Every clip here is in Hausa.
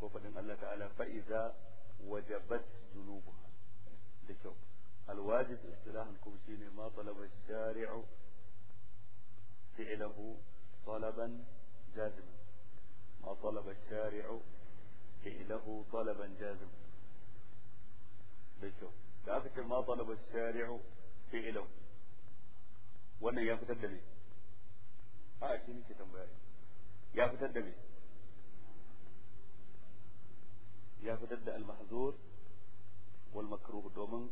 ko faɗin Allah ta'ala fa'iza wajabat junubuha da kyau alwajib istilahan kuma shine ma talaba shari'u fi'lahu talaban jazim ma talaba shari'u fi'lahu talaban jazim da kyau da aka ce ma talaba shari'u fi'lahu wannan ya fitar da me a shi nake tambaya ya fitar da me يا فدد المحذور والمكروه دومن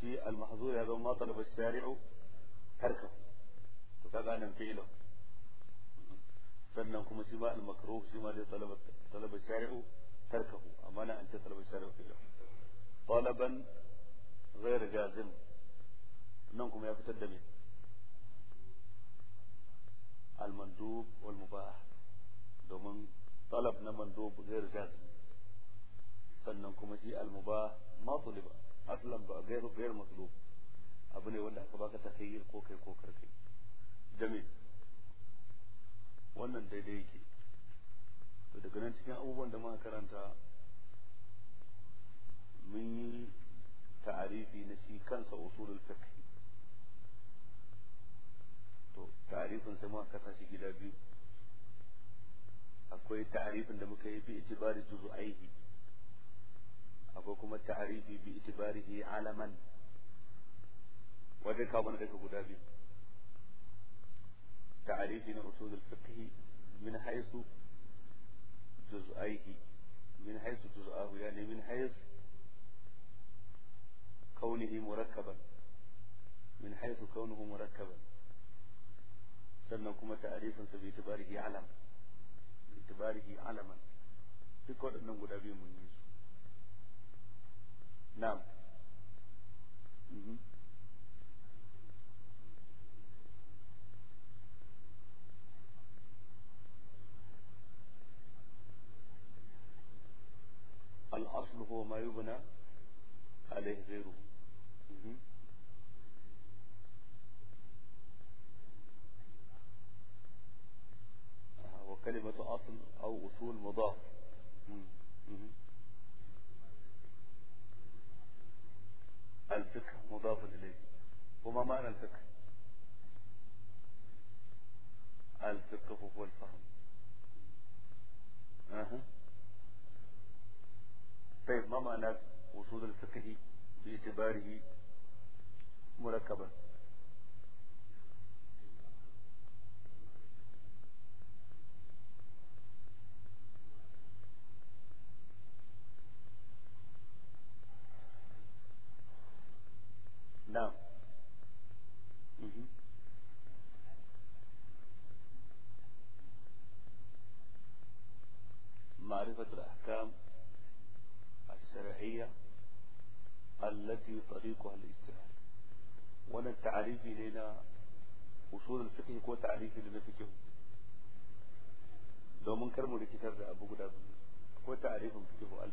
شيء المحذور هذا ما طلب الشارع تركه وكذا انا فيله فنكم سواء المكروه سواء طلب طلب الشارع تركه اما انا انت طلب الشارع فيله طلبا غير جازم انكم يا فدد المندوب والمباح دومن طلبنا مندوب غير جازم sannan kuma shi almuba ma tuliba aslan ba gairu gairu matlub abu ne wanda aka baka takayyir ko kai ko karkai jamil wannan daidai yake to daga nan cikin abubuwan da muka karanta mun yi ta'arifi na shi kansa usulul fiqh to ta'arifin sai muka kasa shi gida biyu akwai ta'arifin da muka yi bi itibari aiki. akwai kuma ta'arifi bi itibarihi alaman wajen kawo daga guda biyu ta'arifi na usul al-fiqh min haythu juz'aihi min haythu juz'ahu yani min hayth كونه murakkaban min haythu kaunuhu murakkaban sannan kuma ta'arifin sa bi itibarihi alam bi itibarihi alaman duk waɗannan guda biyu mun yi su نعم الأصل هو ما يبنى عليه غيره آه، وكلمة أصل أو أصول مضاف ma'anar wasu da suka yi baitibari murakaba طريقها الاجتهاد ta'arifi ne na usulul fiqh ko ta'arifi na fiqh domin kar mu rikitar da abu guda biyu ko ta'arifin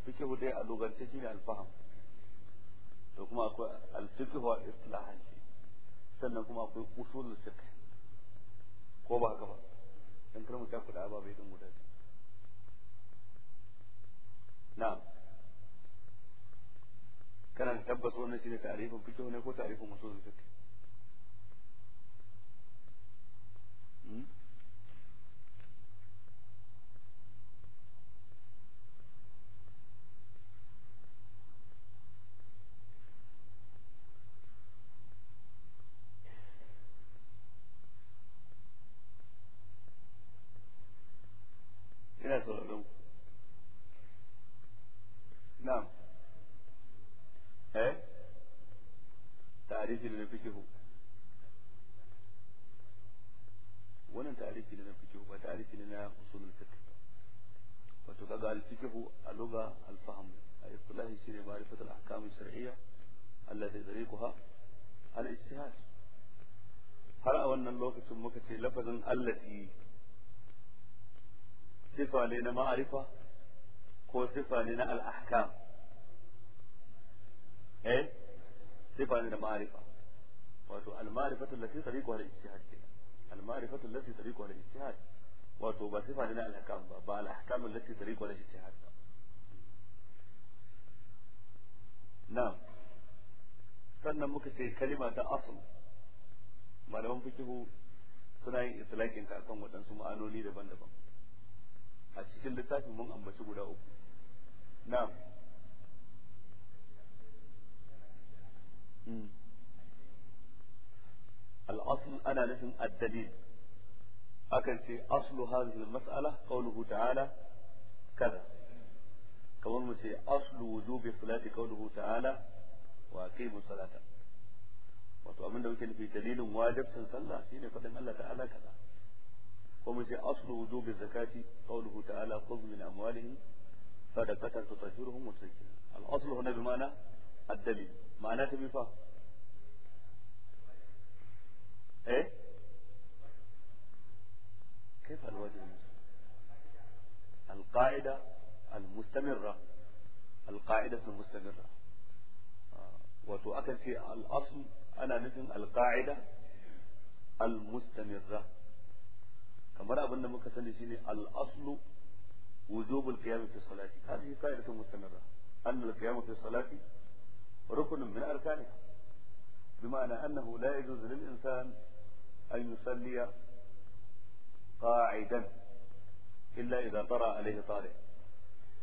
fiqh dai a lugance shine al to kuma akwai sannan kuma akwai usulul fiqh ko ba haka ba dan kar mu ta kuɗa ba bai guda biyu wannan shine tarihin fito ne ko ta'rifin usulul fiqh ce lafazin allati sifa ne na ma'arifa ko sifa ne na al'ahkam eh sifa ne na ma'arifa wato al-ma'rifatu allati tariqu ala ijtihad al-ma'rifatu allati tariqu ala ijtihad wato ba sifa ne na al-ahkam ba ba al-ahkam allati tariqu ala ijtihad na'am sannan muka ce kalima ta asl malaman fikihu suna yin islakin ta akan waɗansu ma'anoni daban-daban a cikin littafin mun ambaci guda uku na'am الأصل أنا نفهم الدليل أكن في أصل هذه المسألة قوله تعالى كذا كمان مثل أصل وجوب الصلاة قوله تعالى وأقيموا الصلاة wato abin da muke nufi dalilin wajibcin sallah shine fadin Allah ta'ala kaza ko mu ce aslu wujubi zakati qawluhu ta'ala khudh min amwalihim sadaqatan tutahhiruhum wa tuzakkihim al-aslu huna bi ma'na ad-dalil ma'na ta bi fa eh كيف الواجب القاعدة المستمرة القاعدة المستمرة wato akan ce al'asu ana nufin alƙa'ida al-mustamirra kamar abin da muka sani shine al-aslu wujubul qiyam fi salati hadhihi qa'idatun mustamirra an al-qiyam fi salati ruknun min arkaniha bima'ana annahu la yajuzu lil insan an yusalliya qa'idan illa idza tara alayhi tari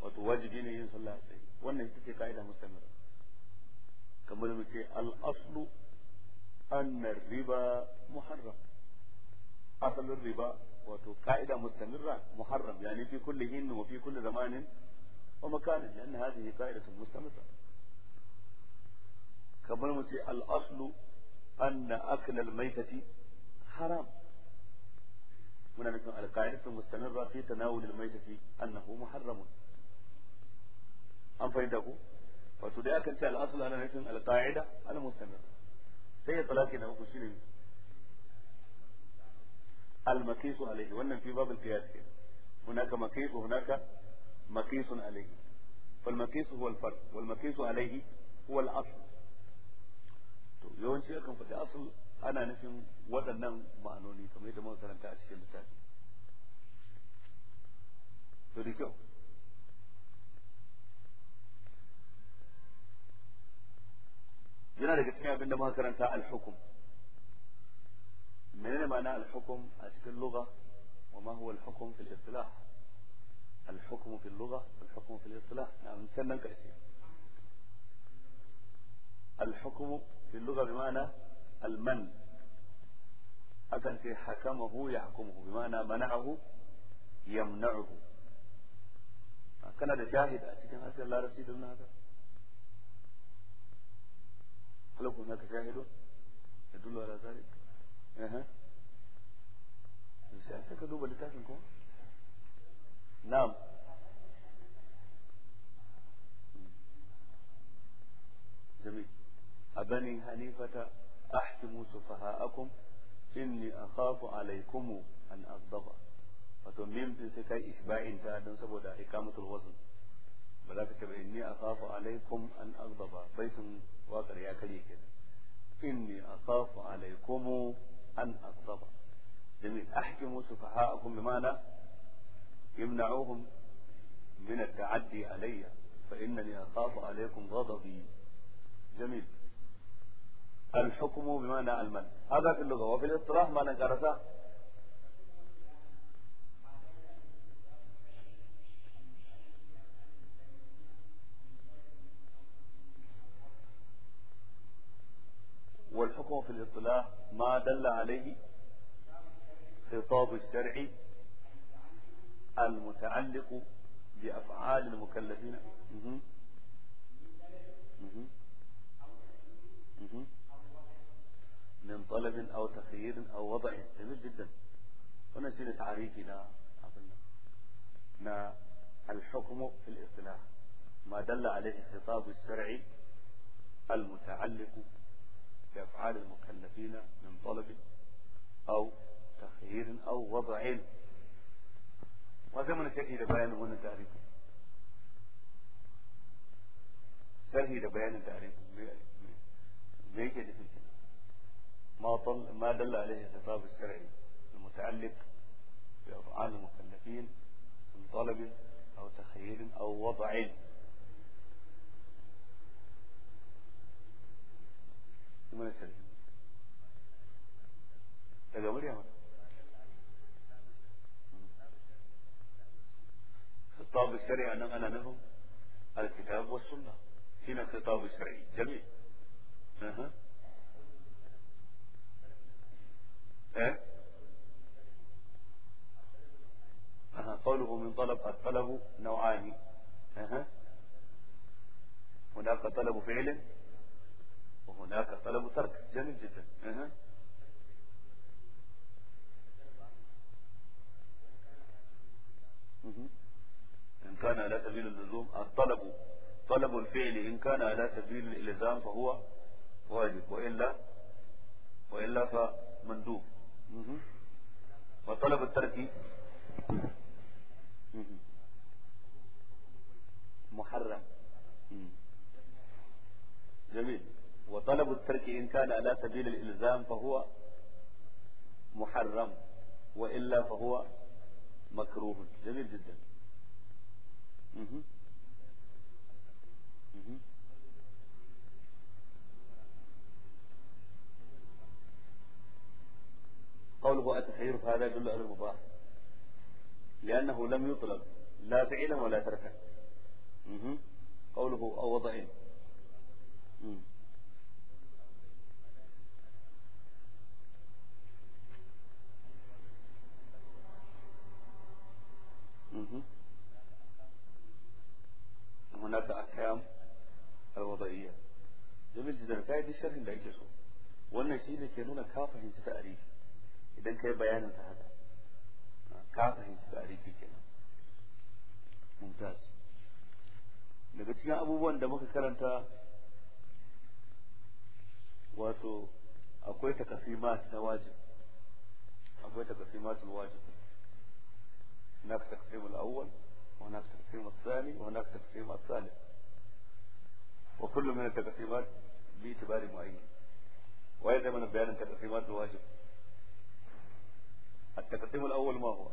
wato wajibi ne yin sallah sai wannan ita ce ka'ida mustamirra kamar mu ce al'aslu annar riba muharram asalin riba wato ka'ida mustamirra muharram yani fi kulli hin wa fi kulli zamanin wa makanin lan hadhihi qa'idatun mustamirra kamar mu ce al'aslu anna akla al-maytati haram muna nufin alƙa'idatu mustamirra fi tanawul al-maytati annahu muharramun an fahimta ku wato dai akan ce al'asul ana nufin al-qa'ida al-mustamir sai ya talaki na uku shine al-maqis alayhi wannan fi babul qiyas ke hunaka maqis hunaka maqis alayhi fal maqis huwa al-fard wal maqis alayhi huwa al-asl to yawanci akan faɗi asl ana nufin waɗannan ma'anoni kamar yadda muka karanta a cikin littafi to da kyau yana daga cikin abin da muka karanta al hukm menene ma'ana al hukm a cikin lugha wa ma huwa al-hukum fil istilah al-hukum fil lugha al-hukum fil istilah na mun san nan kace al-hukum fil lugha bi ma'ana al-man akan ce hakamahu yahkumuhu bi ma'ana mana'ahu yamna'uhu kana da shahid a cikin asalin larabci don haka هل هناك شاهد يدل على ذلك اها نعم جميل أبني حنيفة أحكموا سفهاءكم إني أخاف عليكم أن أغضب فتميم في إشباع إنتا إنسان سبودا إقامة الوزن ba za أخاف عليكم أن أغضب بيت واقر يا كليك إني أخاف عليكم أن أغضب جميل أحكموا سفهاءكم بمعنى يمنعوهم من التعدي علي فإنني أخاف عليكم غضبي جميل الحكم بمعنى المن هذا في اللغة وفي الاصطلاح ما كرساء الحكم في الاصطلاح ما دل عليه خطاب الشرع المتعلق بأفعال المكلفين من طلب أو تخيير أو وضع جميل جدا هنا شيء تعريفنا ما الحكم في الاصطلاح ما دل عليه خطاب الشرع المتعلق بأفعال المكلفين من طلب أو تخيير أو وضع وزمن sharhi بيان bayanin wannan tarihi sharhi da bayanin tarihi me ما طل ما دل عليه الخطاب الشرعي المتعلق بأفعال المكلفين من طلب أو تخيير أو وضع University. daga murya ba خطاب الشرعي أنا أنا له الكتاب والسنة هنا الخطاب الشرعي جميل أه. إيه؟ أه. قوله من طلب الطلب نوعان أه. هناك طلب فعل وهناك طلب ترك جميل جدا إن كان على سبيل اللزوم الطلب طلب الفعل إن كان على سبيل الإلزام فهو واجب وإلا كان على سبيل الإلزام فهو محرم وإلا فهو مكروه جميل جدا مه. مه. قوله أتخير فهذا يدل على المباح لأنه لم يطلب لا فعلا ولا تركا قوله أو وضعين shi daga kai duk sharhin da ake so wannan shi ne ke nuna ka fahimci ta'arifi idan kai bayanin ta haka ka fahimci ta'arifi kenan mumtaz daga cikin abubuwan da muka karanta wato akwai takasimat na wajib akwai takasimat na wajib هناك تقسيم الأول وهناك تقسيم الثاني وهناك تقسيم الثالث وكل من التقسيمات باعتبار معين وهي زي بيان التقسيمات الواجب التقسيم الاول ما هو؟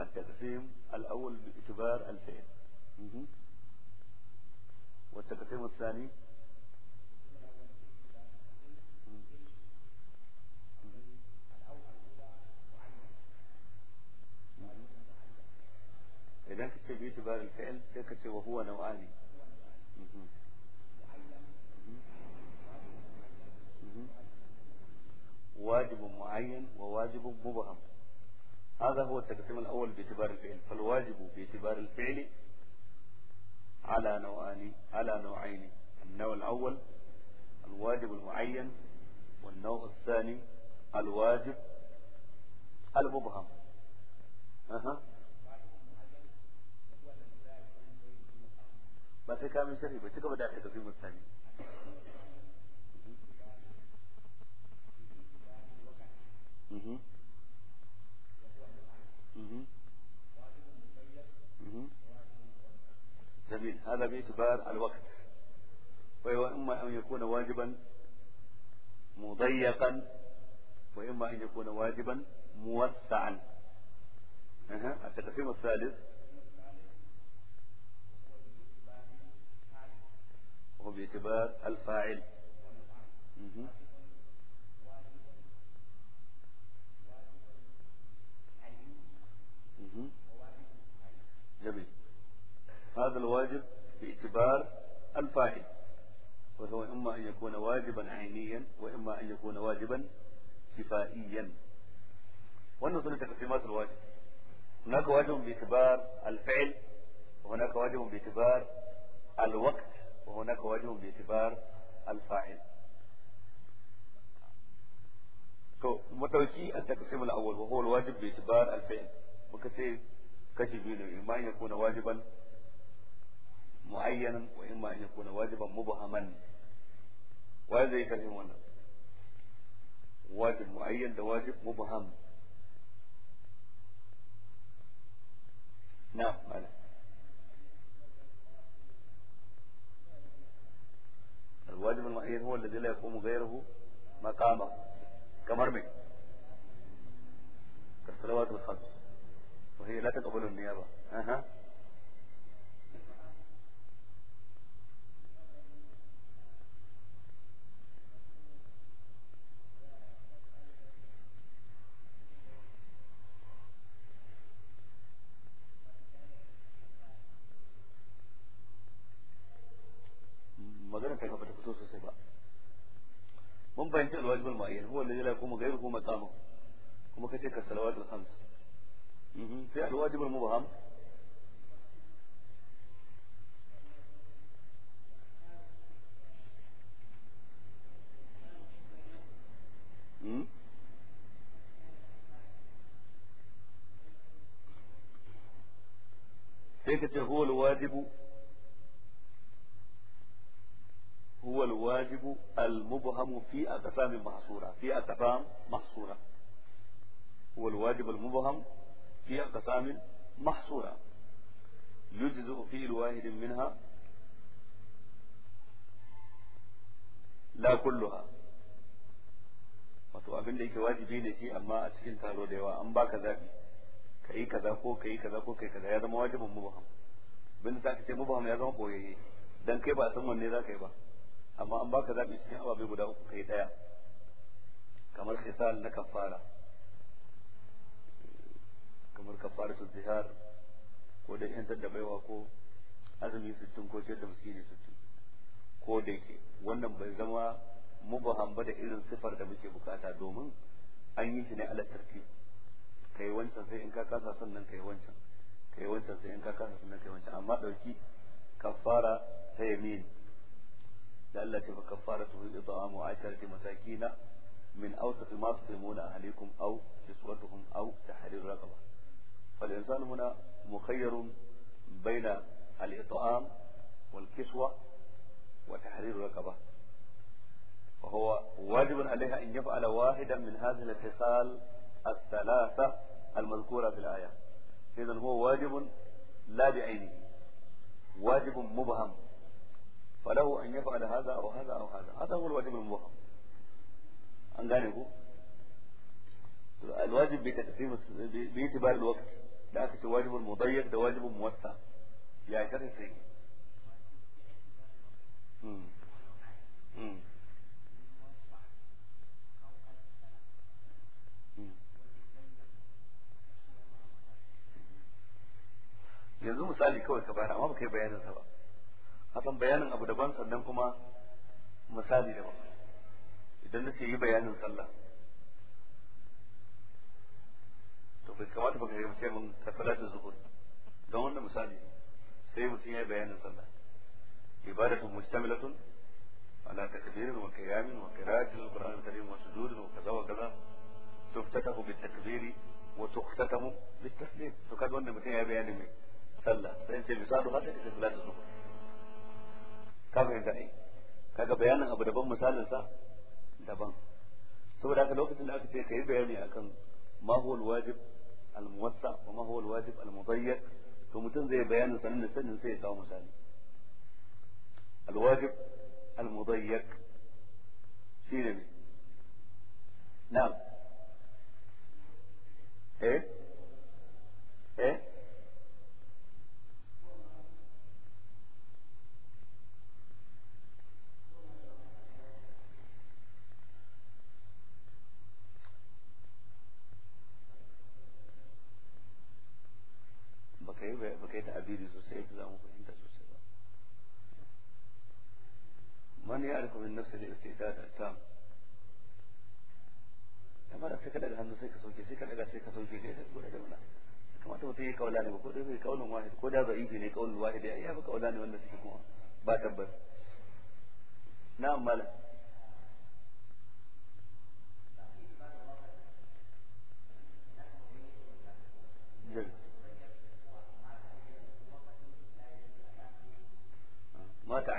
التقسيم الاول باعتبار الفعل والتقسيم الثاني idan ka ce bitu barin fa'il sai ka ce wa huwa واجب معين وواجب مبهم هذا هو التقسيم الأول باعتبار الفعل فالواجب باعتبار الفعل على نوعان على نوعين النوع الأول الواجب المعين والنوع الثاني الواجب المبهم أه. ba sai kamin sharhi ba cigaba da ta mutane mhm mhm mhm جميل هذا باعتبار الوقت وإما أن يكون واجبا مضيقا وإما أن يكون واجبا موسعا التقسيم الثالث هو باعتبار الفاعل جميل هذا الواجب باعتبار الفاعل وهو إما أن يكون واجبا عينيا وإما أن يكون واجبا شفائيا ونصل لتقسيمات تقسيمات الواجب هناك واجب باعتبار الفعل وهناك واجب باعتبار الوقت وهناك وجه باعتبار الفاعل متوشي التقسيم الأول وهو الواجب باعتبار الفعل وكثير كجب إما أن يكون واجبا معينا وإما أن يكون واجبا مبهما وهذا يفهمنا واجب معين ده واجب مبهم نعم no, الواجب المعين هو الذي لا يقوم غيره مقامه كمرمي كالصلوات الخمس وهي لا تقبل النيابة أها أقسام محصورة في أقسام محصورة والواجب المبهم في أقسام محصورة يجزء فعل واحد منها la kulluha wato abin da yake wajibi ne shi amma a cikin taro da yawa an baka zabi ka yi kaza ko ka yi kaza ko kai kaza ya zama wajibin mubaham bin da ka ce mubaham ya zama koyayye dan kai ba san wanne za ka yi ba amma an baka zaɓi cikin ababe guda uku kai ɗaya kamar khisal na kafara kamar kafara su zihar ko da yantar da baiwa ko azumi sittin ko ciyar da miskini sittin ko da yake wannan bai zama mubaham ba da irin sifar da muke bukata domin an yi shi ne ala tartib kai wancan sai in ka kasa sannan kai wancan kai wancan sai in ka kasa sannan kai wancan amma dauki kafara ta yamin قال لك الإطعام وعشرة مساكين من أوسط ما تطعمون أهليكم أو كسوتهم أو تحرير رقبة فالإنسان هنا مخير بين الإطعام والكسوة وتحرير رقبة فهو واجب عليه أن يفعل واحدا من هذه الخصال الثلاثة المذكورة في الآية إذا هو واجب لا بعينه واجب مبهم فله أن يفعل هذا أو هذا أو هذا هذا هو الواجب المباح عن ذلك الواجب بتقسيم باعتبار الوقت لكن الواجب المضيق ده واجب موسع يعني كده سيء يزوم سالي كوي ka ما بكي بيانا سبب hakan bayanin abu daban sannan kuma misali daban idan na ce yi bayanin sallah to bai kamata ba ka yi mace mun ta salatin zuhur don wanda misali sai mutum ya yi bayanin sallah ibadatun mustamilatun ala takbirin wa qiyamin wa qira'atil qur'anil karim wa sujudin wa kaza wa kaza tuftatahu bit takbiri wa tuqtatamu bit taslim to kaga wanda mutum ya yi bayanin mai sallah sai ce misalu hada da salatin zuhur ka fahimta ai kaga bayanin abu daban misalin sa daban saboda haka lokacin da aka ce kai bayani akan ma huwa alwajib almuwassa wa ma huwa alwajib almudayyaq to mutum zai bayanin sanin da sanin sai ya kawo misali alwajib almudayyaq shine ne na'am eh eh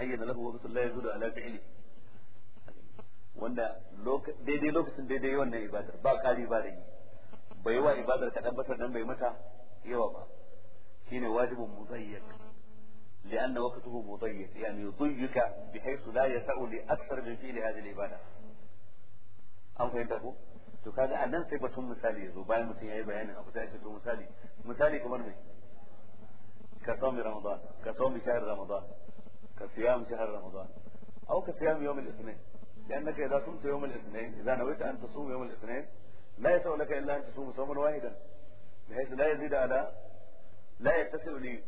ayyana lahu wa ya yazudu ala fi'li wanda daidai lokacin daidai yawan wannan ibadar ba kari ba da yi bai wa ibadar kaɗan ba sannan bai mata yawa ba shine wajibin muzayyak لأن وقته مضيق يعني يضيق بحيث لا يسع لأكثر من فعل هذه العبادة an fahimta ko to kaga a nan sai batun misali ya zo bayan mutum ya yi bayanin abu sai ya to misali misali kamar me ka saumi ramadan ka saumi shahr ramadan كصيام شهر رمضان أو كصيام يوم الاثنين لأنك إذا صمت يوم الاثنين إذا نويت أن تصوم يوم الاثنين لا يسع لك إلا أن تصوم صوما واحدا بحيث لا يزيد على لا يتسع لي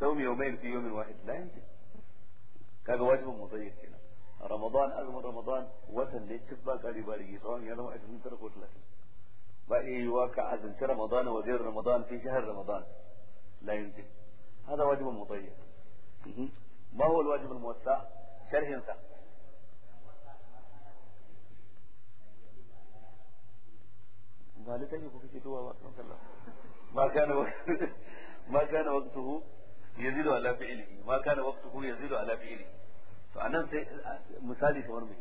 صوم يومين في يوم واحد لا يمكن كذا واجب مضيق هنا رمضان اغمى رمضان وطن ليش تبقى قالي باري صوم يوم 20 ترك وثلاثين بقى يواقع إيه أزمة رمضان وغير رمضان في شهر رمضان لا يمكن هذا واجب مضيق ما هو الواجب الموسع شرح انسان ba littafi ku kake ala fi'lihi ma kana waqtuhu yazidu ala fi'lihi to anan sai misali kamar mai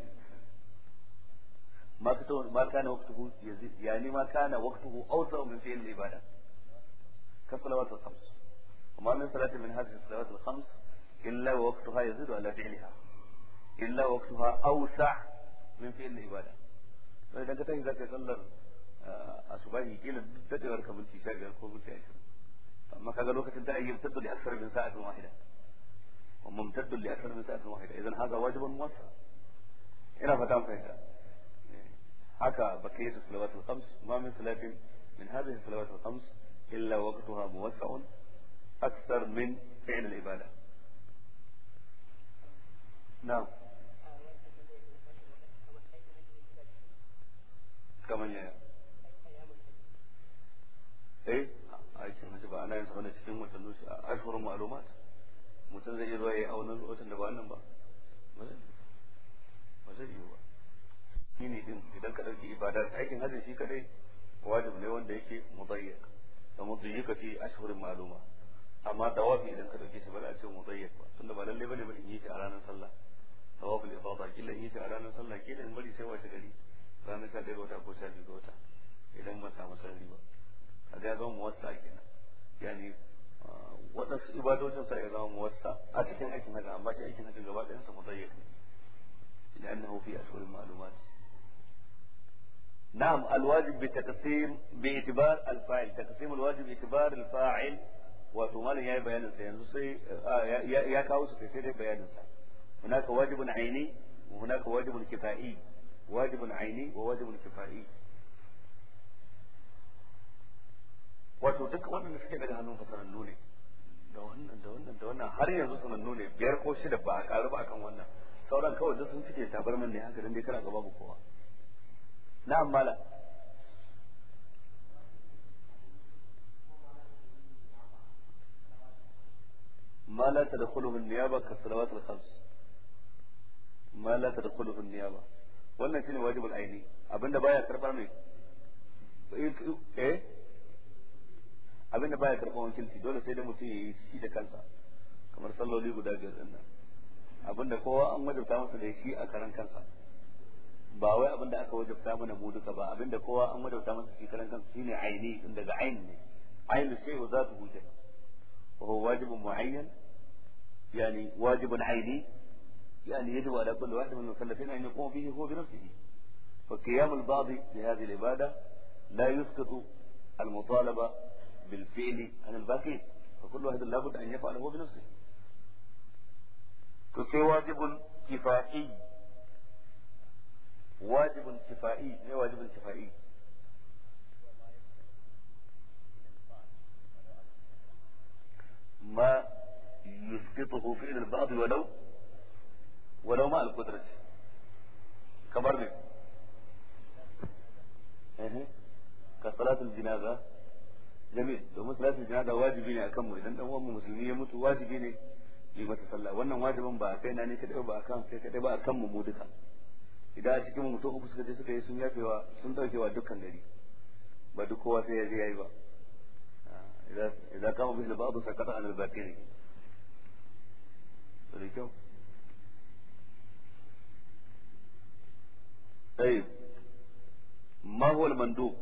ma kana ma kana waqtuhu yazidu yani ma kana waqtuhu al وما من صلاة من هذه الصلوات الخمس إلا وقتها يزيد على فعلها إلا وقتها أوسع من فعل العبادة فإذا كنت إذا تصلى آه، أصبحي كيلا تدور كمنتي شاكر كمنتي عشر أما كان الوقت أنت يمتد لأكثر من ساعة واحدة وممتد لأكثر من ساعة واحدة إذا هذا واجب موسع إلى فتام فهذا حكى بقية الصلوات الخمس ما من صلاة من هذه الصلوات الخمس إلا وقتها موسع أكثر من فعل العبادة na'am kamar yaya eh a cikin mace ba ana yin sa cikin watanni a ashhurun ma'lumat mutum zai iya zuwa yayi aunan watan da ba ba zai ba ne din idan ka dauki ibada aikin hajji shi kadai wajib ne wanda yake mudayyak da mudayyaka fi ashhurin ma'luma amma tawafi idan ka dauki shi ba za a ce mudayyak ba tunda ba lalle bane ba in yi shi a ranar sallah tawaful ifada kila in yi a ranar sallah kila in bari sai washe gari ranar sha ɗaya wata ko sha biyu ga wata idan ban samu sarari ba a ga ya zama muwassa kenan yani waɗansu ibadocin sa ya zama muwassa a cikin aikin haka amma shi aikin haka gaba ɗayansa muzayyak ne لأنه في أشهر المعلومات نعم الواجب بتقسيم باعتبار الفاعل تقسيم الواجب باعتبار الفاعل wato malam ya yi bayaninsa yanzu sai ya kawo su sai dai bayaninsa هناك واجب عيني وهناك واجب كفائي واجب عيني وواجب كفائي wato duk waɗanda suke daga hannun fasarannu ne da wannan da wannan da wannan har yanzu sanannu ne biyar ko shida ba a ƙaru ba akan wannan sauran kawai duk sun cike tabarman ne haka dan dai kana babu kowa na'am mala ما لا تدخله النيابة كالصلوات الخمس ma la tadkhuluhu an-niyaba wannan shine wajibul aini abinda baya karba mai eh abinda baya karba wakilci dole sai da mutum yayi shi da kansa kamar salloli guda biyar din nan abinda kowa an wajabta masa da shi a karan kansa ba wai abinda aka wajabta mana mu duka ba abinda kowa an wajabta masa shi karan kansa shine aini din daga ain ne ain sai wa zatu hujja wa huwa wajibun muayyan yani wajibun aini يعني يجب على كل واحد من المكلفين أن يقوم به هو بنفسه فقيام البعض بهذه العبادة لا يسقط المطالبة بالفعل عن الباقين فكل واحد لابد أن يفعل هو بنفسه تسي واجب كفائي واجب كفائي ما واجب كفائي ما يسقطه فعل البعض ولو walau ma al-qudrat kamar ne eh ka salatul jinaza jami domin salatul jinaza wajibi ne akan mu idan dan musulmi ya mutu wajibi ne yi mata sallah wannan wajibin ba kai na ne kadai ba akan kai kadai ba akan mu mu duka idan a cikin mutum uku suka je suka yi sun yafewa sun daukewa dukkan gari ba duk kowa sai ya je ba idan kama bihi ba'd sakata an al-bakiri to da kyau طيب ما هو المندوب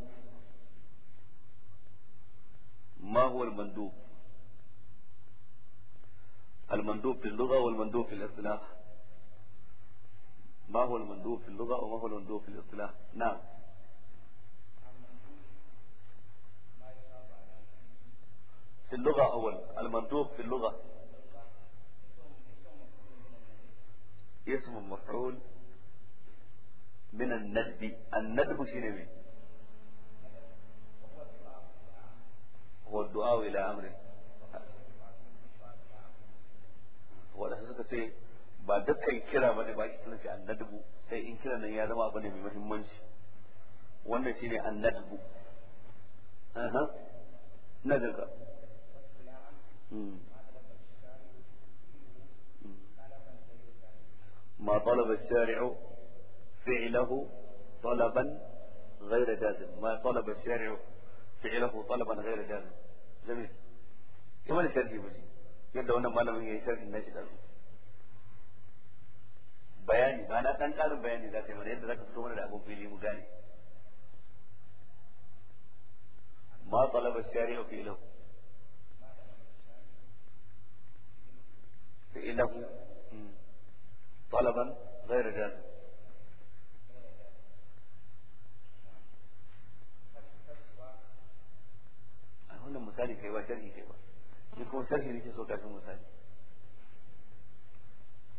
ما هو المندوب المندوب في اللغة والمندوب في الاصطلاح ما هو المندوب في اللغة وما هو المندوب في الاصطلاح نعم في اللغة أول المندوب في اللغة na dubu shine me wa du'a ila amri wanda suka ce ba dukkan kira ba ne ba shi tunanci dubu sai in kira nan ya zama abu ne mai muhimmanci wannan shine an annadbu aha na daga ما طلب الشارع فعله طلبا غير جازم ما طلب الشارع فعله طلبا غير جازم جميل كما إيه الشرح يبزي يبدو أن مالا من يشرح الناس دارو بياني ما أنا كان قال بياني ذاك من يد ذاك الثمن الأبو بيلي مجاني ما طلب الشارع فعله فإنه طلبا غير جازم wannan misali kai ba sharhi kai ba ni kuma sharhi nake so kafin misali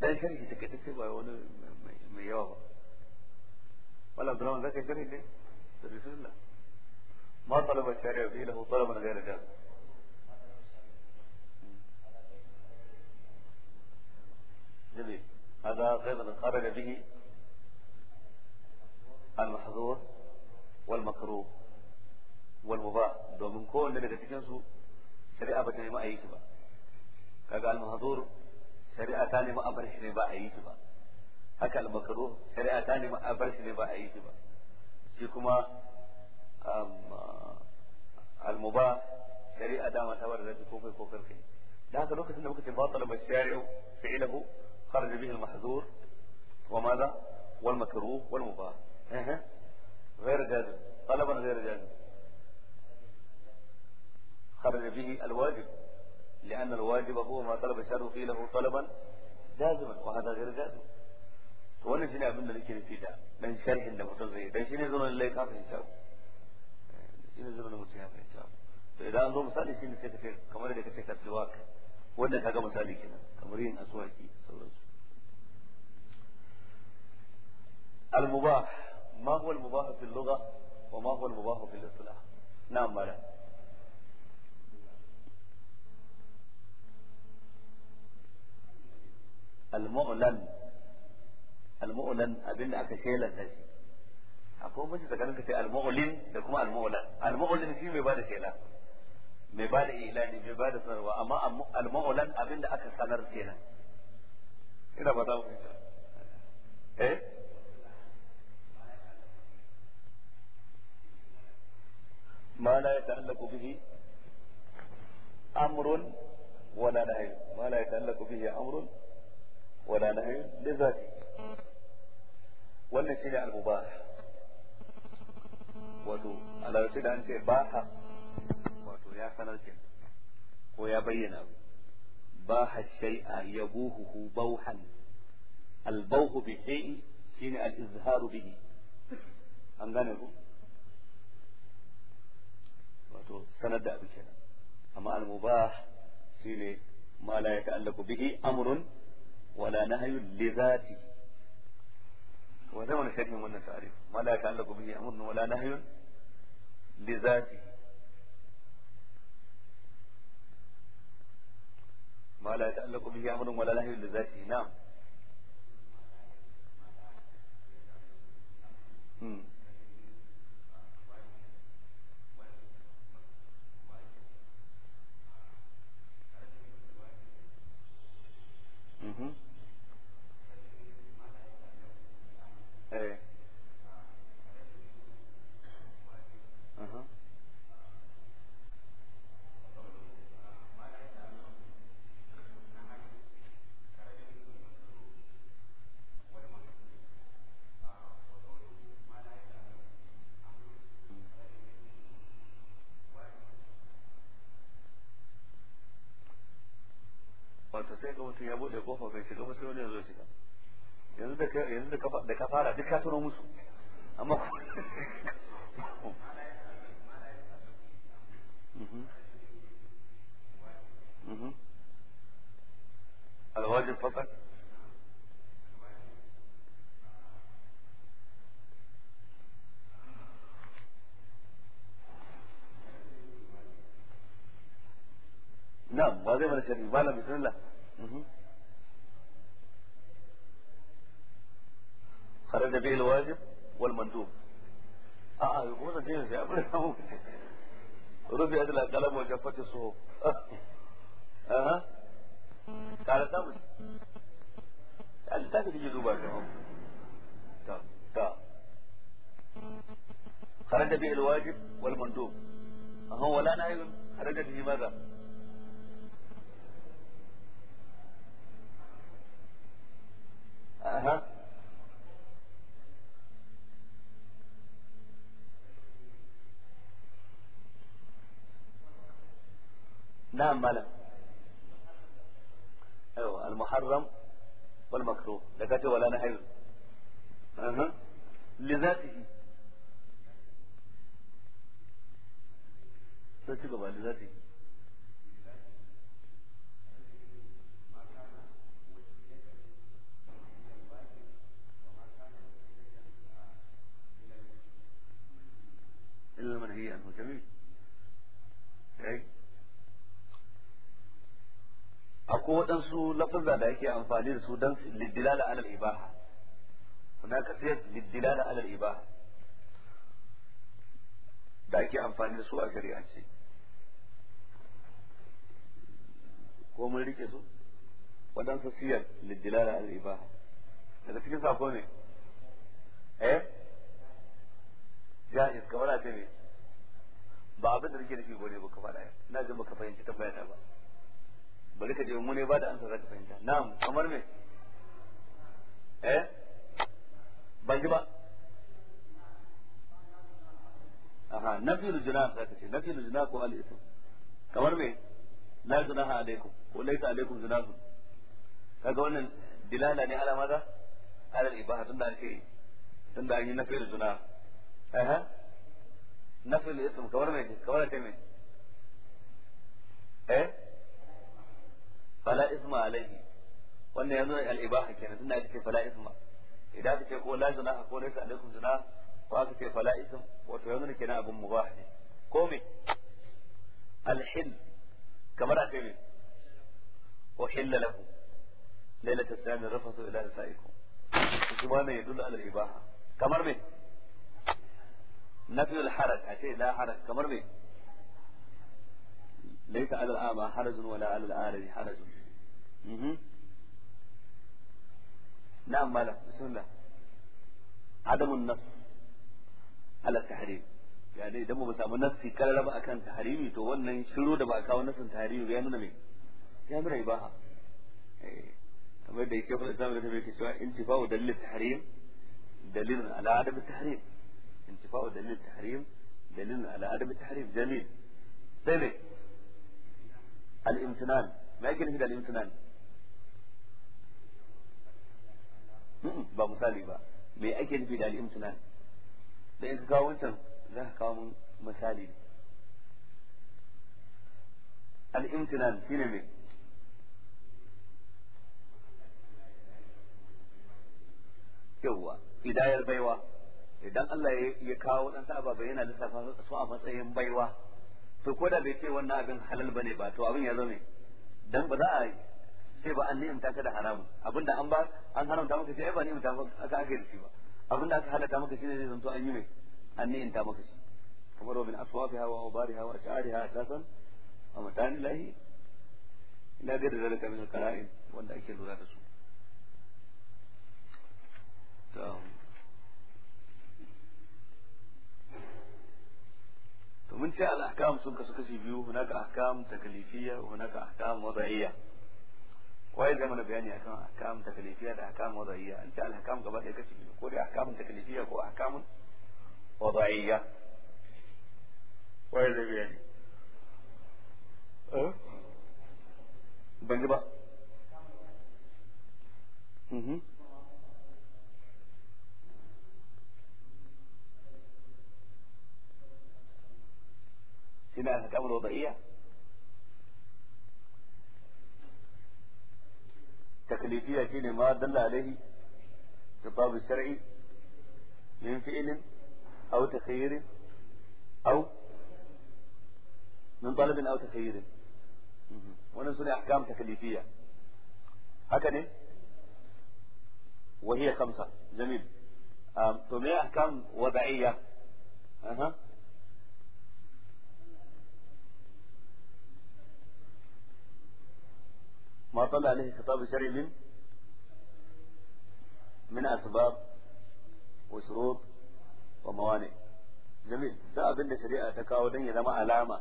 dan sharhi take take ba wani mai yawa ba wala Abdurrahman zaka sharhi ne da Rasulullah ما طلب الشارع فيه له طلبا غير جاز جميل هذا غير خرج به المحظور والمكروه wal mubah domin kowanne daga cikin su sai abata ne nemi a yi ba kaga al mahzur shari'a ta nemi a shi ne ba ayi yi ba haka al makruh shari'a ta nemi a shi ne ba ayi yi ba shi kuma al mubah shari'a dama ta bar da ko kai ko karkai da haka lokacin da muka ce batala mashari'u fi'lahu kharaja bihi al mahzur wa madha wal makruh wal mubah غير جازم طلبا غير جازم خرج به الواجب لأن الواجب هو ما طلب الشر فيه له طلبا جازما وهذا غير جازم وانا شنع بنا لكي نتيجا من شرح انه متنزي بان شنع ذنو اللي كاف ان شاء الله شنع ذنو متنزي ان شاء الله فإذا انظر مسالي شنع سيدة في كمرة لك سيدة في واقع وانا تاقى مسالي كمرين أسواكي صلى المباح ما هو المباح في اللغة وما هو المباح في الاصطلاح نعم بارك al-mu'lan al-mu'lan abinda aka shelanta shi akwai mace tsakanin ka ce al-mu'lin da kuma al-mu'lan al-mu'lin shi mai bada shela mai bada ilani mai bada sanarwa amma al-mu'lan abinda aka sanar kenan ina ba za mu eh ما لا يتعلق به أمر ولا نهي ما لا يتعلق به أمر wala nahyin li zati wannan shine al-mubah wato alarci da an ce baha wato ya sanar kin ko ya bayyana baha shay'a yabuhu bawhan al-bawhu bi shay'in shine al-izharu bihi an gane ku wato sanar da abin kenan amma al-mubah shine ma la yata'allaqu bihi amrun wala nahyun li wani sharhin wannan ta'arif ma la ta'allaqu bihi amrun wala ما لا يتعلق به امر ولا نهي لذاته نعم Mm-hmm. mutum ya bude kofa bai shiga ba sai zo shiga yanzu da yanzu da kafa da kafara duk ka tuno musu amma الواجب فقط نعم واضح ولا شريف بسم الله خرج به الواجب والمندوب اه يقول جيد يا ابن رفعت القلم وجفت الصحف اها قال تمر قال تاكد يجي تا تا خرج به الواجب والمندوب هو لا نهي خرج به ماذا ها نعم ملا ايوه المحرم والمكروه لذاته ولا نهي اها لذاته لذاته إلا المنهي waɗansu lafazza da ake amfani da su don liddilala alal ibaha kuna ka sai liddilala alal ibaha da ake amfani da su a shari'ance ko mun rike su waɗansu siyar liddilala alal ibaha daga cikin sako ne jahiz kamar a ce ba abin da nake nufi gore ba kamar na ji baka fahimci ta bayana ba bari ka je mu ne ba da ansa ka fahimta na'am kamar me eh ban ji ba aha nafiyul za ka ce nafiyul junah ko al kamar me la junaha alaikum ko laisa alaikum junahun kaga wannan dilala ne ala maza ala ibaha tunda ake tunda an yi nafiyul junah aha nafil ism kamar mai kamar ta mai eh fala isma alaihi wannan yanzu al-ibaha kenan tunda ake fala isma idan aka ce ko la zina ko laysa alaikum zina ko aka ce fala ism wato yanzu ne kenan abun mubah ne ko me al-hil kamar aka yi uhilla lakum lailatul thani rafasu ila nisaikum kuma ne yadullu ala al-ibaha kamar me نفي الحرج أشيء لا حرج كمر به ليس على الآبى حرج ولا على الآرد حرج نعم مالك بسم الله عدم النص على التحريم يعني دمو بس أبو نفسي كلا لبا أكان تحريمي تو ونن شروع دبا أكاو نفس تحريمي بيانو نمي يعني رأي باها أبدا يشوف الإسلام رسمي كشوا انتفاو دليل التحريم دليل على عدم التحريم انتفاء دليل التحريم دليل على عدم التحريم جميل طيب الامتنان ما يجري هذا الامتنان با مثالي با ما يجري هذا الامتنان لأن كاونت له كاون مثالي الامتنان فيلم يوه إداية البيوه idan Allah ya kawo ta ababa yana lissafa su a matsayin baiwa to ko da bai ce wannan abin halal bane ba to abin ya zo ne dan ba za a sai ba an ni'imta ka da haramun abinda an ba an haramta maka shi ai ba ni'imta aka aka yi shi ba abinda aka halatta maka shi ne zai zanto an yi mai an ni'imta maka shi kamar wa min aswafiha wa ubariha wa sha'ariha asasan wa matani lahi ila da zalika min al-qara'in wanda ake lura da su to mun ce al sun kasu kashi biyu hunaka ahkam taklifiyya hunaka ahkam wada'iyya wai zai mana bayani akan ahkam taklifiyya da ahkam wada'iyya an ce al-ahkam gaba ɗaya kashi biyu ko dai ahkam taklifiyya ko ahkam wada'iyya wai zai bayani eh? ban ji ba mhm سيناء الأحكام الوضعية تكليفية كيني ما دل عليه الخطاب الشرعي من فعل أو تخير أو من طلب أو تخير وننسل أحكام تكليفية هكذا وهي خمسة جميل ثم آه، أحكام وضعية أها ما طلع عليه خطاب الشرعي من من أسباب وشروط وموانع جميل ده أبن الشريعة تكاو دن يزما علامة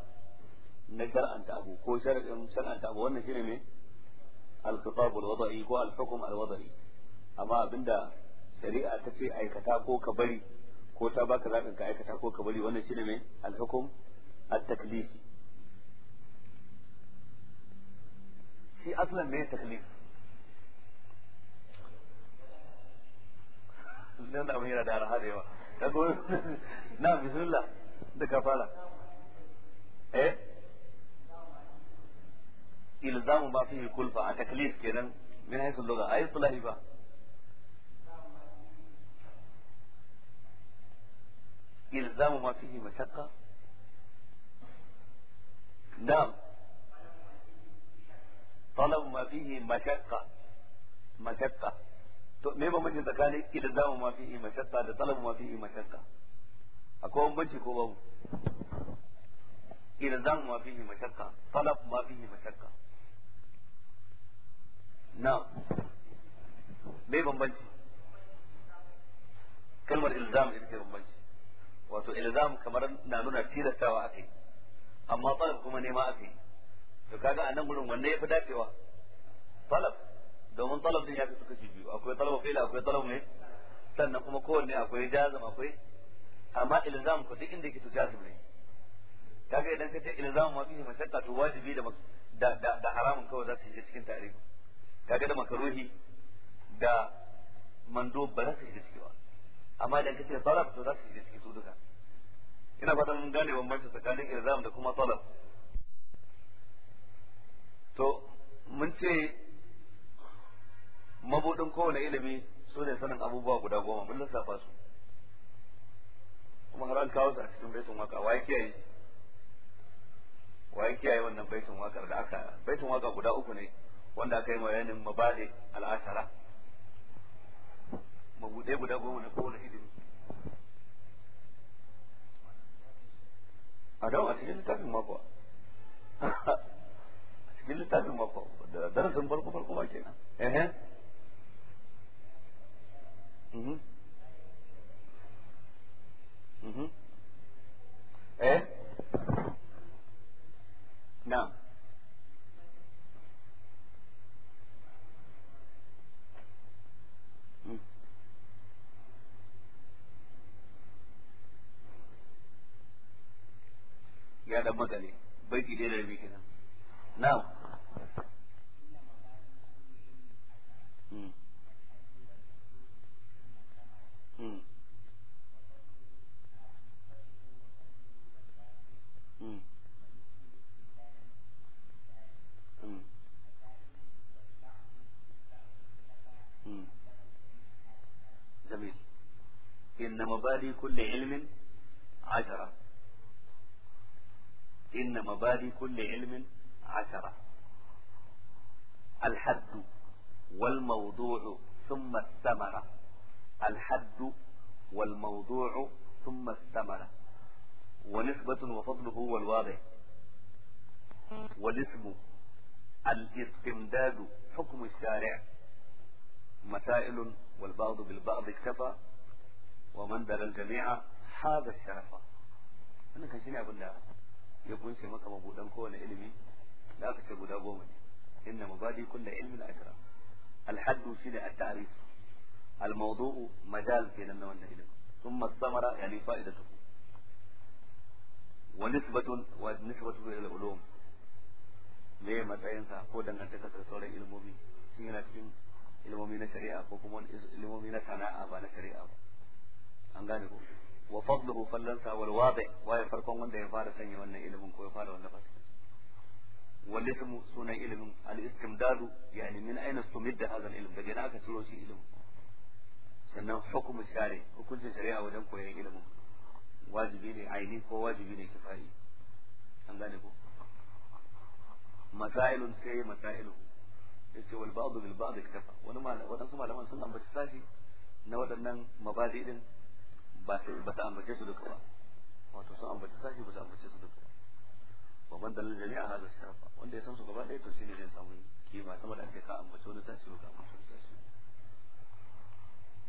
نشر أنت أبو كو شرع شرع أنت أبو وانا شيء من الخطاب الوضعي هو الحكم الوضعي أما أبن ده شريعة تسي أي كتاكو كبري ko ta baka zaɓin ka aikata ko ka bari wannan shine mai alhukum at-taklifi في اصلا ما هي تكليف لن أمير دار هذه تقول نعم بسم الله ده كفالة إيه إلزام ما فيه الكلفة آه، تكليف كده من حيث اللغة أي آه، صلاحي بقى إلزام ما فيه مشقة نعم talab ma fihi mashaqqa mashaqqa to me bambanci tsakanin zamu ma fihi mashaqqa da talab ma fihi mashaqqa akwai bambanci ko babu zamu ma fihi mashaqqa talab ma fihi mashaqqa na me bambanci kalmar ilzam ita ce bambanci wato ilzam kamar na nuna tilastawa akai amma talab kuma nema akai to kaga a nan gurin wanne ya fi dacewa talab domin talab din ya fi suka biyu akwai talab fi'la akwai talab ne sannan kuma kowanne akwai jazam akwai amma ilzam ko duk inda yake to jazam ne kaga idan ka ce ilzam ma fi mashakka to wajibi da da da haramun kawai za su shiga cikin tarihi kaga da makaruhi da mando ba za su yi cikin amma idan ka ce talab to za su shiga ciki su duka ina fatan gane bambanci tsakanin ilzam da kuma talab to mun ce mabudin kowane ilimi su ne sanin abubuwa guda goma mun lissafa su kuma har an kawo su a cikin baitin waka wa kiyaye wa kiyaye wannan baitin wakar da aka baitin waka guda uku ne wanda aka yi bayanin mabade al'ashara mabudai guda goma na kowane ilimi a don a cikin littafin mako. cikin littafin mako da darasin farko farko ba kenan eh eh eh na mhm. ya dan baiti da rabi kenan نعم إن مبادئ كل علم عشرة إن مبادئ كل علم عشرة عشرة الحد والموضوع ثم الثمرة الحد والموضوع ثم الثمرة ونسبة وفضله هو الواضح والاسم الاستمداد حكم الشارع مسائل والبعض بالبعض اكتفى ومن دل الجميع هذا الشرف أنا كان شنو اقول لك يكون شي مكة مبودا كون علمي da aka ce guda goma ne inna mabadi kullu ilmin ashra al-hadd shine at-ta'rif al-mawdu' majal kenan na wannan ilimin thumma samara yani fa'idatu wa nisbatun wa nisbatu ila al-ulum me matsayin sa ko dangantaka da sauran ilmomi shin yana cikin ilmomi na shari'a ko kuma ilmomi na sana'a ba na shari'a ba an gane ko wa fadluhu fallansa wal wadi wa farkon wanda ya fara sanya wannan ilimin ko ya fara wannan fasika والاسم سنة علم الاستمداد يعني من أين استمد هذا العلم لكن أكا تروشي علم sannan hukum share hukuncin shari'a wajen koyon ilimin wajibi ne aini ko wajibi ne kifayi an gane ko masailun sai masailu yace wal ba'd bil ba'd iktafa wani wadansu malaman sun ambaci sashi na waɗannan ambace su ba wato sun ambaci sashi ambace su wa baddal jami'a hadha sharafa wanda ya san su gaba ɗaya to ne zai samu kima sama da ake ka ambace wani sashi ko ka ambace wani sashi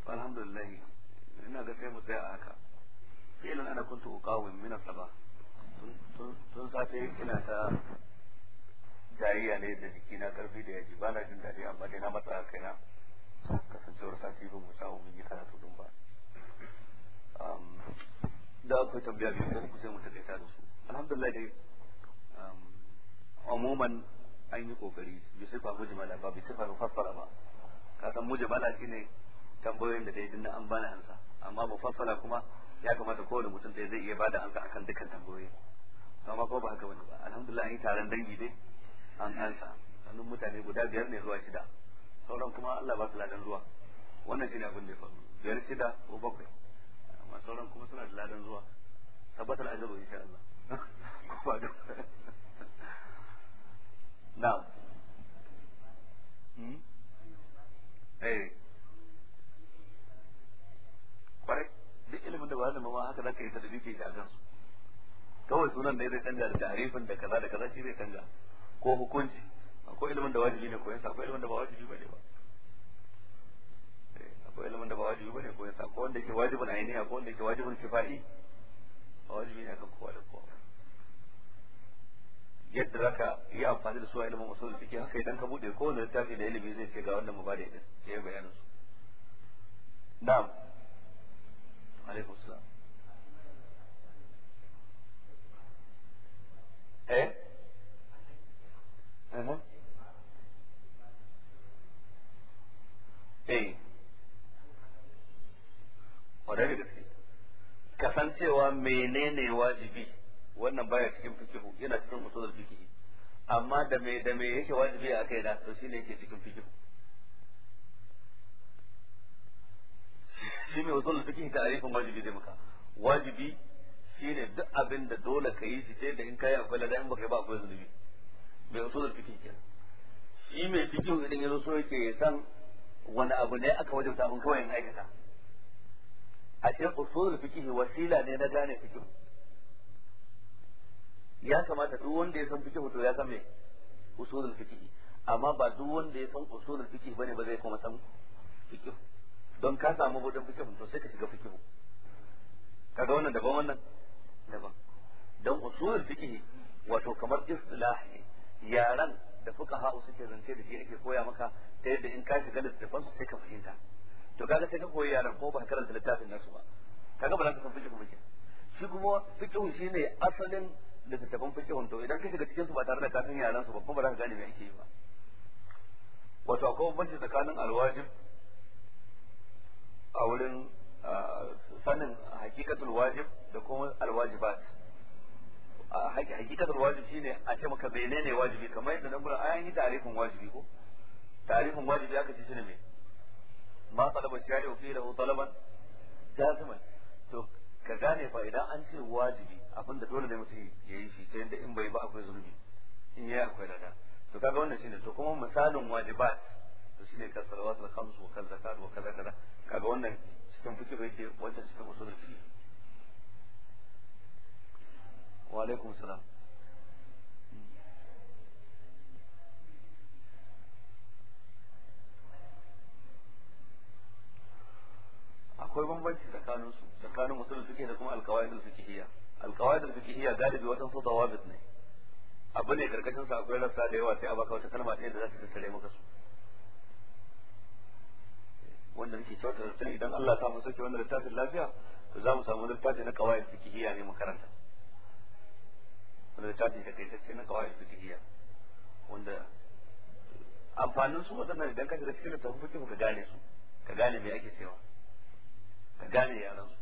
alhamdulillah ina ga sai mu tsaya a haka fi'lan ana kuntu uqawim min as-sabah tun safe ina ta jariya ne da jikina karfi da yaji ba na jin daɗi amma dai na matsa na. kasancewar sati ba mu samu mun yi karatu din ba da akwai tambaya biyu ko ku sai mu taƙaita da su alhamdulillah dai umuman an yi kokari bi sifa mujmala ba bi sifa mufassala ba ka san mujmala shine tambayoyin da dai dinna an bani ansa amma mufassala kuma ya kamata kowane mutum da zai iya bada ansa akan dukkan tambayoyi amma ko ba haka bane ba alhamdulillah an yi taron dangi dai an ansa sannan mutane guda biyar ne zuwa shida sauran kuma Allah ba su ladan zuwa wannan shine abin da ya faru biyar shida ko bakwai amma sauran kuma suna da ladan zuwa tabbatar ajaru insha Allah na'am duk ilimin da ba ma haka zaka yi ta ke kawai sunan ne zai canja da tarifin da kaza da kaza shi zai canja ko hukunci akwai ilimin da wajibi ne koyan sa akwai ilimin da ba wajibi bane ba eh, akwai ilimin da ba wajibi bane wanda yake wajibin ainihi ko wanda yake wajibin kifai wajibi ne akan kowa da kowa yadda zaka yi amfani da su a ilimin usul fiqh haka idan ka bude kowane littafi da ilimi zai ce ga wannan mubari din ya bayanin su na'am alaikum salam eh eh eh da gaske kasancewa menene wajibi wannan baya cikin fikihu yana cikin usulul fikihi amma da me da me yake wajibi a kai da to shine yake cikin fikihu shi ne usulul fikihi arifin wajibi zai maka wajibi shine duk abin da dole ka yi shi sai da in kai akwai ladan in baka yi ba akwai zunubi mai usulul fikihi kenan shi mai fikihu idan yazo so yake san wani abu ne aka wajibta mun kawai in aikata a cikin usulul fikihi wasila ne na gane fikihu ya kamata duk wanda ya san fiki to ya san me usulul fiki amma ba duk wanda ya san usulul fiki bane ba zai kuma san fiki don ka samu gudun fiki to sai ka shiga fiqh kaga wannan daban wannan daban don usulul fiki wato kamar istilah yaran da fuqaha suke zance da shi ake koya maka ta yadda in ka shiga littafin sai ka fahimta to kaga sai ka koyi yaran ko ba karanta littafin nasu ba kaga ba za ka san fiqh ba shi kuma fiqh shine asalin littattafan fikihun hunto idan ka shiga cikin su ba tare da ka san yaran su ba ko ba za ka gane me ake yi ba wato akwai bambanci tsakanin alwajib a wurin sanin hakikatul wajib da kuma alwajibat hakikatul wajib shine a ce maka menene wajibi kamar yadda na gura ayan yi tarifin wajibi ko tarifin wajibi aka ce shine me ma talaba shari'u fi lahu talaban jaziman to ka gane fa idan an ce wajibi abin da dole ne mutum ya yi shi ta yadda in bai ba akwai zurbi in yayi akwai lada to kaga wannan shine to kuma misalin wajibat to shine ka da khams wa kaza zakat wa kaza kaza kaga wannan cikin bai ke wancan cikin usulul fiqh wa alaikum salam akwai bambanci tsakaninsu tsakanin usulul suke da kuma alqawaidul fiqhiyya alqawaidul fiqhiyya galibi wata su dawabit ne abu ne karkashin sa akwai rassa da yawa sai a baka wata kalma ɗaya da za ta tattare maka su wanda nake kyautar da idan Allah ta mu sauke wannan littafin lafiya to za mu samu littafi na kawai fiqhiyya ne mu karanta wannan littafi da kai tacce na kawai fiqhiyya wanda amfanin su wadannan idan ka shiga cikin littafin fiqh ka gane su ka gane me ake cewa ka gane yaran su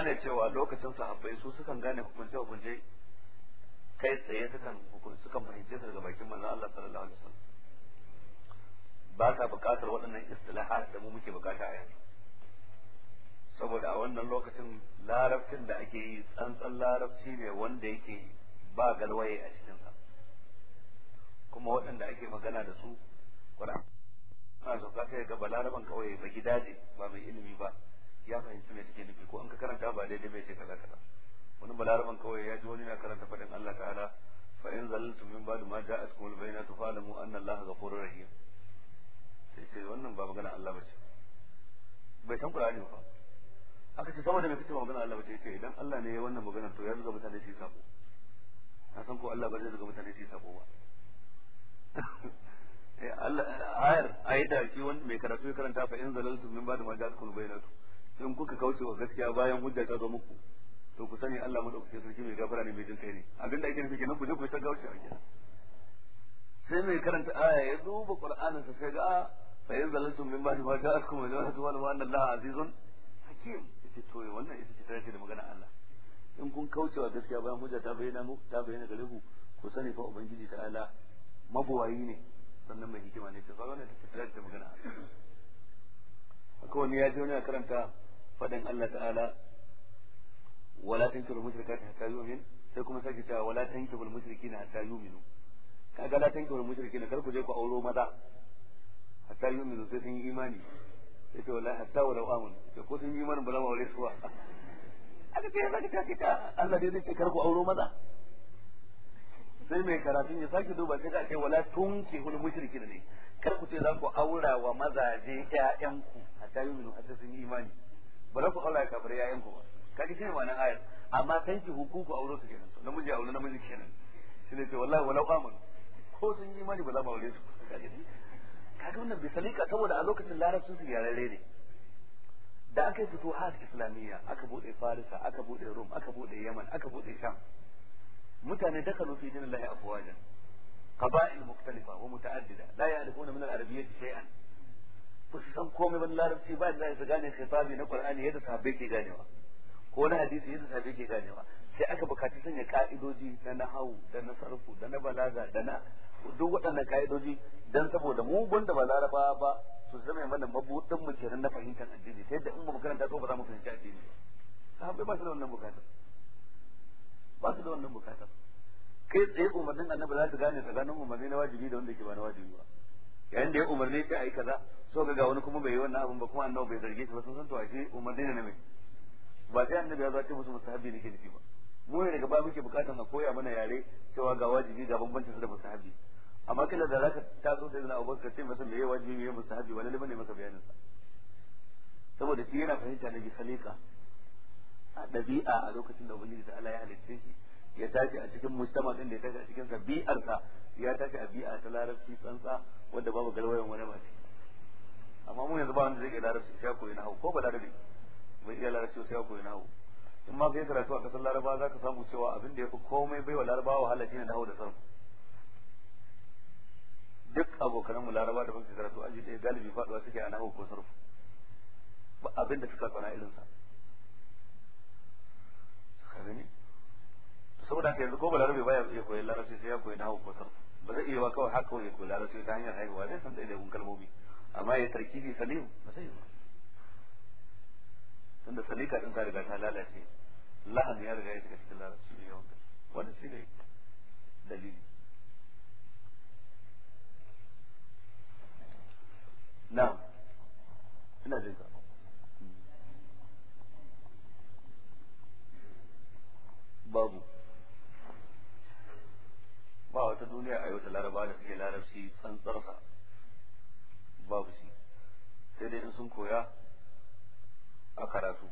gane cewa lokacin sahabbai su sukan gane hukunce hukunce kai tsaye sukan sukan fahimce su daga bakin manzon Allah sallallahu alaihi wasallam ba sa buƙatar waɗannan istilahat da mu muke buƙata a yanzu saboda a wannan lokacin larabcin da ake yi tsantsan larabci ne wanda yake ba galwaye a cikinsa kuma waɗanda ake magana da su kuna ana so ka ga balaraban kawai ba gidaje ba mai ilimi ba ya fahimci me take nufi ko an ka karanta ba daidai bai ce kaza kaza wani balaraban kawai ya ji wani na karanta fadin Allah ta'ala fa in zalaltum min ba'd ma ja'atkum al-bayyinatu fa'lamu anna Allah ghafurur rahim sai ce wannan ba magana Allah bace bai san Qur'ani ba aka ce saboda me kace ba magana Allah bace yace idan Allah ne ya wannan magana to ya zuga mutane su sako na san ko Allah ba zai zuga mutane su sako ba eh, ayar ayar da shi wanda mai karatu ya karanta fa in zalaltum min ba'd ma ja'atkum al-bayyinatu in kuka kauce wa gaskiya bayan hujja ta zo muku to ku sani Allah dauke sarki mai gafara ne mai jin kai ne abinda ake nufi kenan ku je ku ta gauce a gida sai mai karanta aya ya duba qur'anin sa sai ga fa in zalantum min ba'di ma ja'akum wa ja'akum wa anna Allah azizun hakim yace to wannan ita ce tare da magana Allah in kun kaucewa gaskiya bayan hujja ta bayyana muku ta bayyana gare ku ku sani fa ubangiji ta'ala mabuwayi ne sannan mai hikima ne ta fara ne ta tare da magana Allah akwai wani ya je wani ya karanta Faɗin Allah ta'ala wala tankihul mushrikati hatta yu'min sai kuma sake cewa wala tankihul mushrikina hatta yu'minu kaga la tankihul mushrikina kar ku je ku auro maza hatta yu'minu sai sun yi imani sai ce wala hatta walau amun sai ko sun yi imanin ba za mu aure su ba aka ce zaka ta kita Allah dai zai ce kar ku auro maza sai mai karatun ya sake duba sai ka ce wala tunkihul mushrikina ne kar ku ce za ku aura wa mazaje ƴaƴanku hatta yu'minu hatta sun yi imani ba za ku aura kafirai yayan ku ba kaji shine wannan ayar amma tanki hukuku aure su kenan to namiji aure namiji kenan shine ce wallahi walau amanu ko sun yi imani ba za mu aure su kaga wannan bai salika saboda a lokacin larabcin su yarare ne da aka yi futuhat islamiyya aka bude farisa aka bude rum aka bude yaman aka bude sham mutane dakalu fi dinillahi afwajan qaba'il mukhtalifa wa muta'addida la ya'rifuna min al-arabiyyati shay'an ba su san komai ban larabci ba da su gane khitabi na qur'ani yadda sahabbai ke ganewa ko na hadisi yadda sahabbai ke ganewa sai aka bukaci sanya ka'idoji da na hau da na sarfu da na balaga da na duk waɗannan ka'idoji dan saboda mu da ba laraba ba su zama mana mabudin mu kenan na fahimtar addini ta yadda in ba mu karanta ko ba za mu fahimci addini sahabbai ba su da wannan bukatar ba su da wannan bukatar kai tsaye umarnin annabi za su gane tsakanin umarni na wajibi da wanda ke ba na wajibi ba yayin da ya umarni sai ayi kaza so ga wani kuma bai yi wannan abin ba kuma annabi bai zarge shi ba sun san to ashe umarni ne na mai ba sai annabi ya zo ce musu mustahabi ke nufi ba mu ne daga baya muke bukatar na koya mana yare cewa ga wajibi ga bambancin da mustahabi amma kila da zaka sai da abu Abubakar sai masa meye wajibi meye mustahabi wala ne masa bayanin sa saboda shi yana fahimta na bi khaliqa a dabi'a a lokacin da ubangiji ta Allah ya halicce shi ya tashi a cikin mujtama din da ya tashi a cikin sa ya tashi a bi'a ta larabci tsantsa wanda babu galwayan wani ba ce amma mu yanzu ba wanda zai iya larabci sai koyi nahawu ko ba Larabci. bai iya larabci sai koyi nahawu in ma kai karatu a kasar laraba za ka samu cewa abin da ya fi komai baiwa laraba wahala shine nahawu da sarfu duk abokanan mu laraba da kuke karatu aji ɗaya galibi faɗuwa suke a nahawu ko sarfu ba abin da suka kwana irinsa ka gani saboda haka yanzu ko balarabe baya iya koyi larabci sai ya koyi na ko sarf ba zai iya ba kawai haka ya koyi larabci ta hanyar haihuwa zai san daidai kalmomi amma ya tarkibi salim ba zai yi ba tunda salika din ta riga ta lalace lahan ya riga ya shiga cikin larabci ne yawan wannan shi ne dalili na ina jin ka babu ba wata duniya a yi wata laraba da suke larabci tsantsarsa babu shi sai dai in sun koya a karatu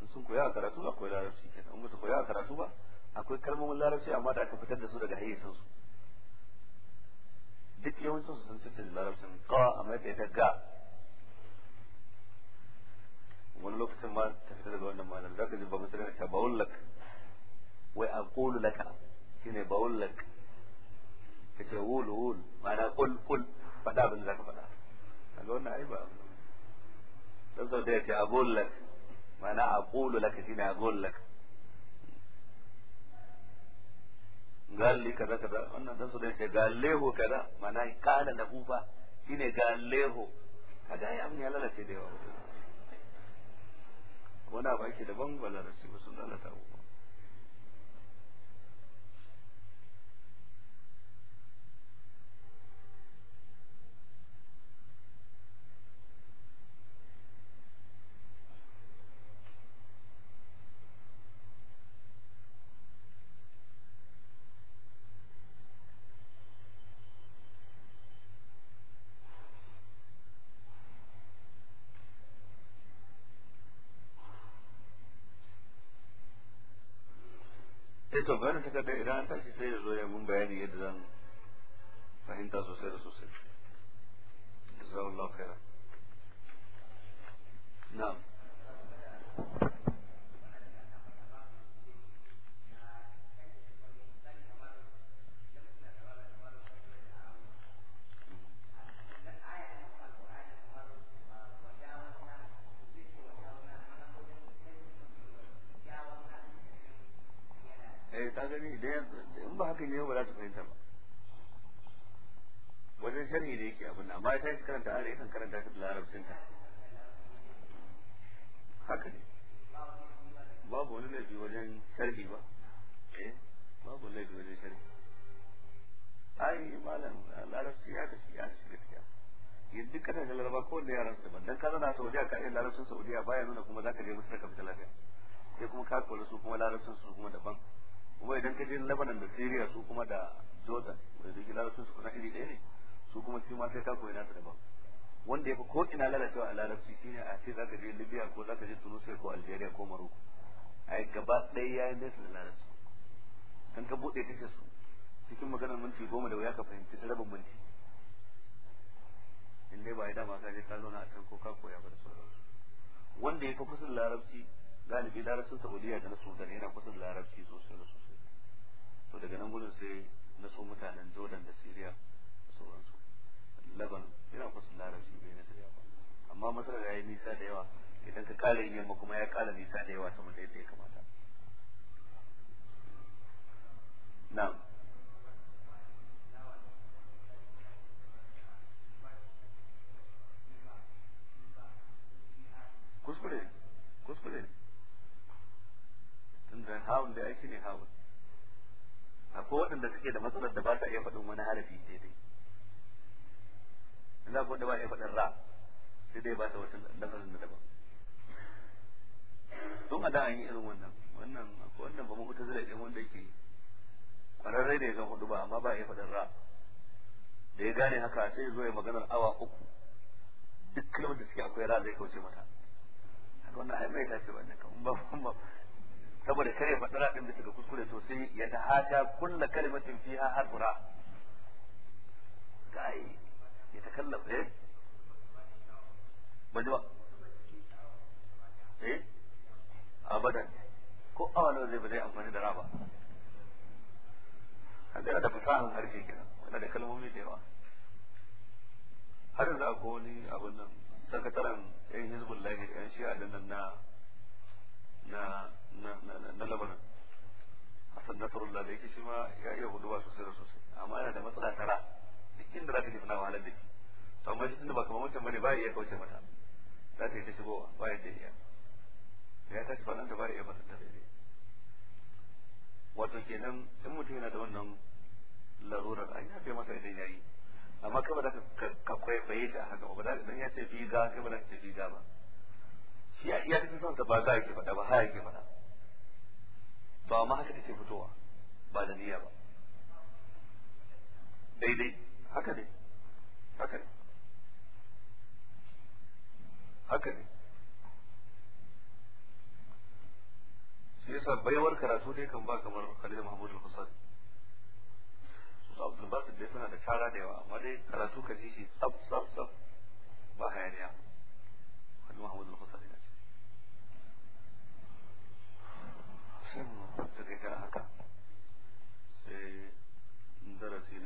in sun koya a karatu koya larabci kenan in ba su koya a karatu ba akwai kalmomin larabci amma da aka fitar da su daga hayyacin su duk yawancin su sun cikin larabcin kawa a mai ta ga wani lokacin ma ta fita daga wannan malam za ka ji ba musulun ta ba wai aqulu laka shine baul Ka kace wulu wul ma'ana kul kul fada abin zaka fada kaga wannan ai ba dan sau da yace laka. lak ma'ana aqulu laka shine a lak laka. galli kada-kada wannan dan su da yace galehu kaza ma'ana kana lahu fa shine galehu kaga ya mun ya lalace da yawa wani abu ake daban ba lalace ba sun lalata abubuwa to bayanin takardar idan an tashi sai ya zo ya mun bayani yadda zan fahimta sosai da sosai jazakallahu khairan na'am in ba haka ne ba za ta fahimta ba wajen sharhi da yake abin amma ya tashi karanta ara yakan karanta ta da larabcin ta haka ne babu wani laifi wajen sharhi ba eh babu laifi wajen sharhi ai malam larabci ya tafi ya tafi gaskiya yanzu kana da laraba ko da yaran su dan ka zana saudiya ka iya larabcin saudiya baya nuna kuma zaka je musu da kafita lafiya sai kuma ka kula su kuma larabcin su kuma daban kuma idan ka je Lebanon da Syria su kuma da Jordan da duk larabcin su kusan iri ɗaya ne su kuma shi ma sai ka koyi nasu daban wanda ya fi ko ina lalacewa a larabci shine a ce zaka je Libya ko zaka je Tunisia ko Algeria ko Morocco ai gaba ɗaya yayi nesa da larabci kan ka buɗe kake su cikin maganar minti goma da wuya ka fahimci ta rabin minti in dai ba ya dama ka je ka zauna a can ko ka koya ba da sauransu wanda ya fi kusa larabci galibi larabcin Saudiya da na Sudan yana kusa da larabci sosai da sosai to daga nan gudun sai na so mutanen jordan da syria da sauransu laban yana kusa larabci bai na syria ba amma matsalar ya yi nisa da yawa idan ka kala yin yamma kuma ya kala nisa da yawa sama da yadda ya kamata na'am kuskure kuskure tun da hawan da aiki ne hawan akwai waɗanda suke da matsalar da ba sa iya faɗin wani harafi daidai za ku da ba iya faɗin ra sai dai ba ta wasu lafazin da daban don a da an yi irin wannan wannan akwai wannan ba mu zira idan wanda yake kwararre da ya gan hudu ba amma ba iya faɗin ra da ya gane haka sai zo ya maganar awa uku duk kalmar da suke akwai ra zai kauce mata haka wannan ai bai tashi ba kan ba saboda kare fadara din bisa ga kuskure sosai ya ta hata kulla kalimatin fiha harfura kai ya ta kallaf eh baje ba eh abadan ko awalo zai ba zai amfani da raba hada da fasahan harshe kenan wanda da kalmomi da yawa har yanzu akwai wani abin nan sakataren yan hizbullah yan shi'a da nan na na na labarin hasan nasarullah da yake shi ma ya iya huduwa sosai da sosai amma yana da matsala tara duk inda za ta ji na da ke to amma tunda ba kamar wancan bane ba ya iya kauce mata za ta yi ta shigowa ba ya da iya da ya tashi fadanta ba ya iya mata daidai wato kenan in mutum yana da wannan larurar an yafe masa idan ya yi amma kai ba za ka kwaye baye a haka ba za ka ya ce fi ga kai ba za ka ce fi ga ba shi ya tafi son ta ba za ke faɗa ba ha ya ke faɗa Ba ma haka take fitowa ba da niyya ba daidai haka ne haka ne haka ne shi yasa baiwar karatu dai kan ba kamar Khalil Mahmud al-Hasan su Abdul Basit dai suna da tara da yawa amma dai karatu ka ji shi tsaf tsaf tsaf ba hayaniya Khalil Mahmud al-Hasan suka yi haka sai darasi